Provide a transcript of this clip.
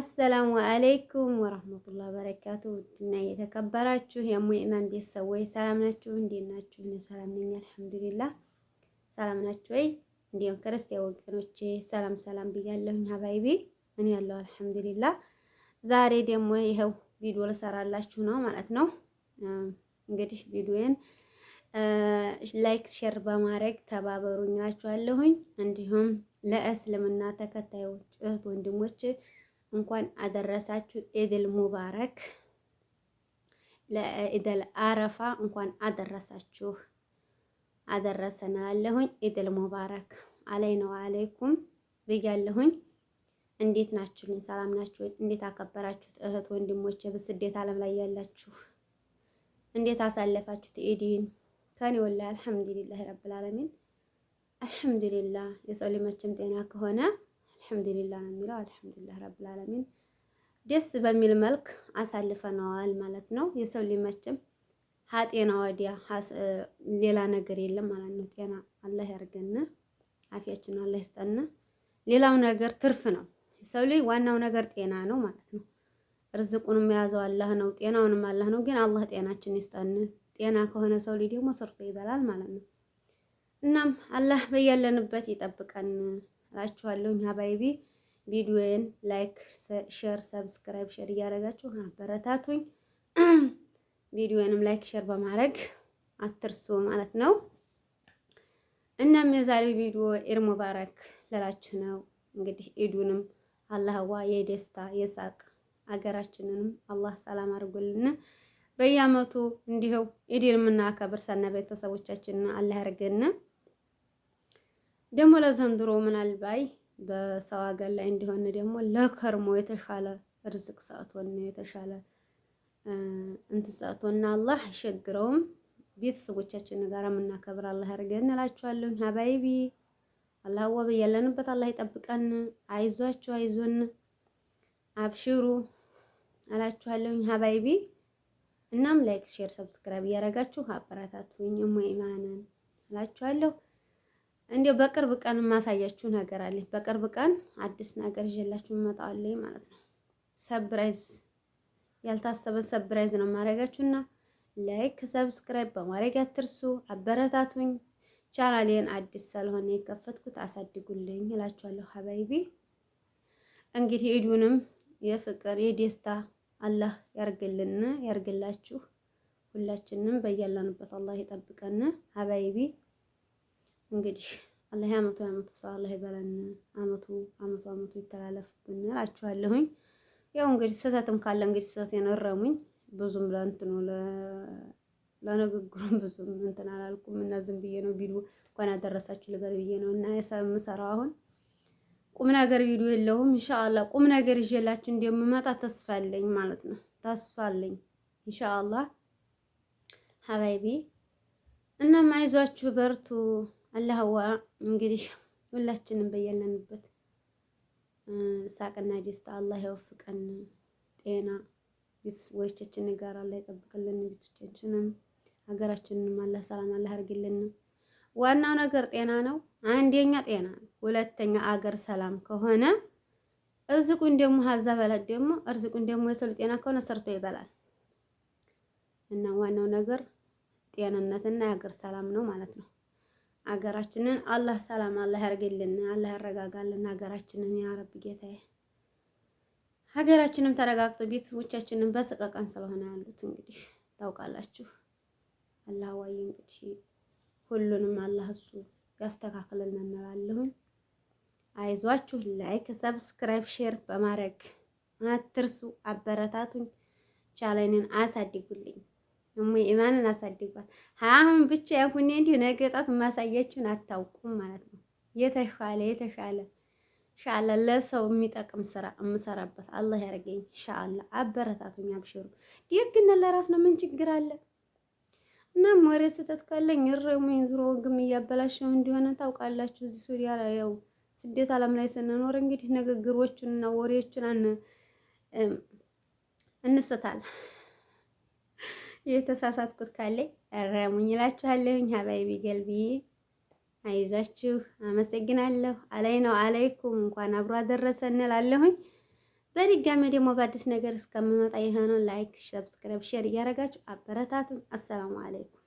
አሰላሙ አለይኩም ወረህመቱላህ በረካቱ። ውድና የተከበራችሁ የሙእመን ቤተሰቦች ሰላም ናችሁ? እንዴት ናችሁ? ሰላም ነኝ አልሐምዱሊላህ። ሰላም ናችሁ ወይ? እንዲሁም ክርስቲያን ወገኖቼ ሰላም ሰላም ብያለሁኝ። ሀባይቢ እኔ ያለው አልሐምዱሊላህ። ዛሬ ደግሞ ይኸው ቪዲዮ ልሰራላችሁ ነው ማለት ነው። እንግዲህ ቪዲዮን ላይክ ሼር በማድረግ ተባበሩኝ እላችኋለሁኝ። እንዲሁም ለእስልምና ተከታዮች እህት ወንድሞች እንኳን አደረሳችሁ ኢድል ሙባረክ ለኢድል አረፋ እንኳን አደረሳችሁ አደረሰን ኢድል ሙባረክ አለይነ ወአለይኩም ብያለሁኝ። እንዴት ናችሁልኝ? ሰላም ናችሁ? እንዴት አከበራችሁት? እህት ወንድሞች በስደት ዓለም ላይ ያላችሁ እንዴት አሳለፋችሁት ኢድን? ከኔ ወላሂ አልሐምዱሊላህ ረብል ዓለሚን አልሐምዱሊላህ። የሰው ልጅ መቼም ጤና ከሆነ አልሐምዱሊላህ ነው የሚለው። አልሐምዱሊላህ ረብል አለሚን ደስ በሚል መልክ አሳልፈነዋል ማለት ነው። የሰው ሊመችም ሀጤና ወዲያ ሌላ ነገር የለም ማለት ነው። ጤና አላህ ያርገን፣ አፊያችን አላህ ይስጠን። ሌላው ነገር ትርፍ ነው። ሰው ልጅ ዋናው ነገር ጤና ነው ማለት ነው። እርዝቁንም የያዘው አላህ ነው፣ ጤናውንም አላህ ነው። ግን አላህ ጤናችን ይስጠን። ጤና ከሆነ ሰው ልጅ ደግሞ ሰርቶ ይበላል ማለት ነው። እናም አላህ በያለንበት ይጠብቀን። እላችኋለሁ። ሀባይቢ ቪዲዮዬን ላይክ፣ ሼር፣ ሰብስክራይብ ሼር እያደረጋችሁ አበረታቱኝ። ቪዲዮዬንም ላይክ ሼር በማድረግ አትርሱ ማለት ነው። እናም የዛሬው ቪዲዮ ኢድ ሙባረክ ልላችሁ ነው። እንግዲህ ኢዱንም አላህዋ የደስታ የሳቅ አገራችንንም አላህ ሰላም አድርጎልን በየአመቱ እንዲሁ ኢድን የምናከብር ሰነ ቤተሰቦቻችንን አላህ ያርገን። ደግሞ ለዘንድሮ ምናልባይ በሰው ሀገር ላይ እንዲሆን ደግሞ ለከርሞ የተሻለ ርዝቅ ሰጥቶን የተሻለ እንትን ሰጥቶና አላህ አይሸግረውም። ቤተሰቦቻችን ጋር የምናከብር አላህ ያድርገን እላችኋለሁ። ሀባይቢ አላህ ወበ ያለንበት አላህ ይጠብቀን። አይዟችሁ፣ አይዞን፣ አብሽሩ እላችኋለሁ ሀባይቢ። እናም ላይክ፣ ሼር፣ ሰብስክራይብ እያደረጋችሁ አበረታቱኝ። እሞ ኢማንን እላችኋለሁ። እንዲያው በቅርብ ቀን የማሳያችሁ ነገር አለኝ። በቅርብ ቀን አዲስ ነገር ይዤላችሁ እመጣለሁ ማለት ነው። ሰብራይዝ ያልታሰበ ሰብራይዝ ነው ማድረጋችሁና ላይክ ሰብስክራይብ በማድረግ አትርሱ። አበረታቱኝ። ቻናሌን አዲስ ስለሆነ የከፈትኩት አሳድጉልኝ እላችኋለሁ። ሀባይቢ እንግዲህ ኢዱንም የፍቅር የደስታ አላህ ያርግልን ያርግላችሁ። ሁላችንም በያላንበት አላህ ይጠብቀን ሀባይቢ እንግዲህ አላህ አመቱ አመቱ ሰው አላህ ይበለን። አመቱ አመቱ አመቱ ይተላለፍብን እላችኋለሁኝ። ያው እንግዲህ ስህተትም ካለ እንግዲህ ስህተት የነረሙኝ ብዙም ለእንትኑ ለንግግሩም ብዙም እንትን አላልኩም እና ዝም ብዬ ነው ቢሉ እንኳን ያደረሳችሁ ልበል ብዬ ነው እና የምሰራው አሁን ቁም ነገር ቢሉ የለውም። ኢንሻአላህ ቁም ነገር ይዤላችሁ እንደምመጣ ተስፋ አለኝ ማለት ነው። ተስፋ አለኝ ኢንሻአላህ ሀባይቢ። እና ማይዟችሁ በርቱ። አላህዋ እንግዲህ ሁላችንም በያለንበት ሳቅና ደስታ አላህ ያወፍቀን። ጤና ቤተሰቦቻችን ጋር አላህ ይጠብቅልን። ቤቶቻችንም ሀገራችንንም አላህ ሰላም አላህ ያርግልን። ዋናው ነገር ጤና ነው። አንደኛ ጤና ነው። ሁለተኛ አገር ሰላም ከሆነ እርዝቁን ደግሞ ሀዛ በላት ደግሞ እርዝቁን ደግሞ የሰሉ ጤና ከሆነ ሰርቶ ይበላል እና ዋናው ነገር ጤንነትና የአገር ሰላም ነው ማለት ነው። አገራችንን አላህ ሰላም አላህ ያርግልን፣ አላህ ያረጋጋልን ሀገራችንን ያረብ ጌታዬ። ሀገራችንም ተረጋግቶ ቤተሰቦቻችንን በሰቀቀን ስለሆነ ያሉት እንግዲህ ታውቃላችሁ። አላህ ዋይ እንግዲህ ሁሉንም አላህ እሱ ያስተካክልን እንላለሁኝ። አይዟችሁ። ላይክ፣ ሰብስክራይብ፣ ሼር በማድረግ አትርሱ። አበረታቱኝ፣ ቻላይንን አሳድጉልኝ። ማንን አሳድጓት። አሁን ብቻ ያሁን እንዲህ ነገ ጧት የማሳያችሁን አታውቁም ማለት ነው። የተሻለ የተሻለ ሻለ ለሰው የሚጠቅም ስራ የምሰራበት አላህ ያደርገኝ። ሻአላ አበረታቱኝ፣ አብሽሩ። ደግነት ለራስ ነው፣ ምን ችግር አለ? እናም ወሬ ስህተት ካለኝ እረሙኝ። ዙሮ ወግም እያበላሸው እንዲሆነ ታውቃላችሁ። እዚህ ሱሪያ ላይ ያው ስደት አለም ላይ ስንኖር እንግዲህ ንግግሮቹንና ወሬዎቹን እንስታል። የተሳሳትኩት ካለኝ እረሙኝ እላችኋለሁኝ። ሀባይቢ ገልቢ አይዟችሁ። አመሰግናለሁ። አላይ ነው አላይኩም፣ እንኳን አብሮ አደረሰ እንላለሁኝ። በድጋሚ ደግሞ በአዲስ ነገር እስከምመጣ የሆነው ላይክ፣ ሰብስክራይብ፣ ሼር እያደረጋችሁ አበረታቱም። አሰላሙ አለይኩም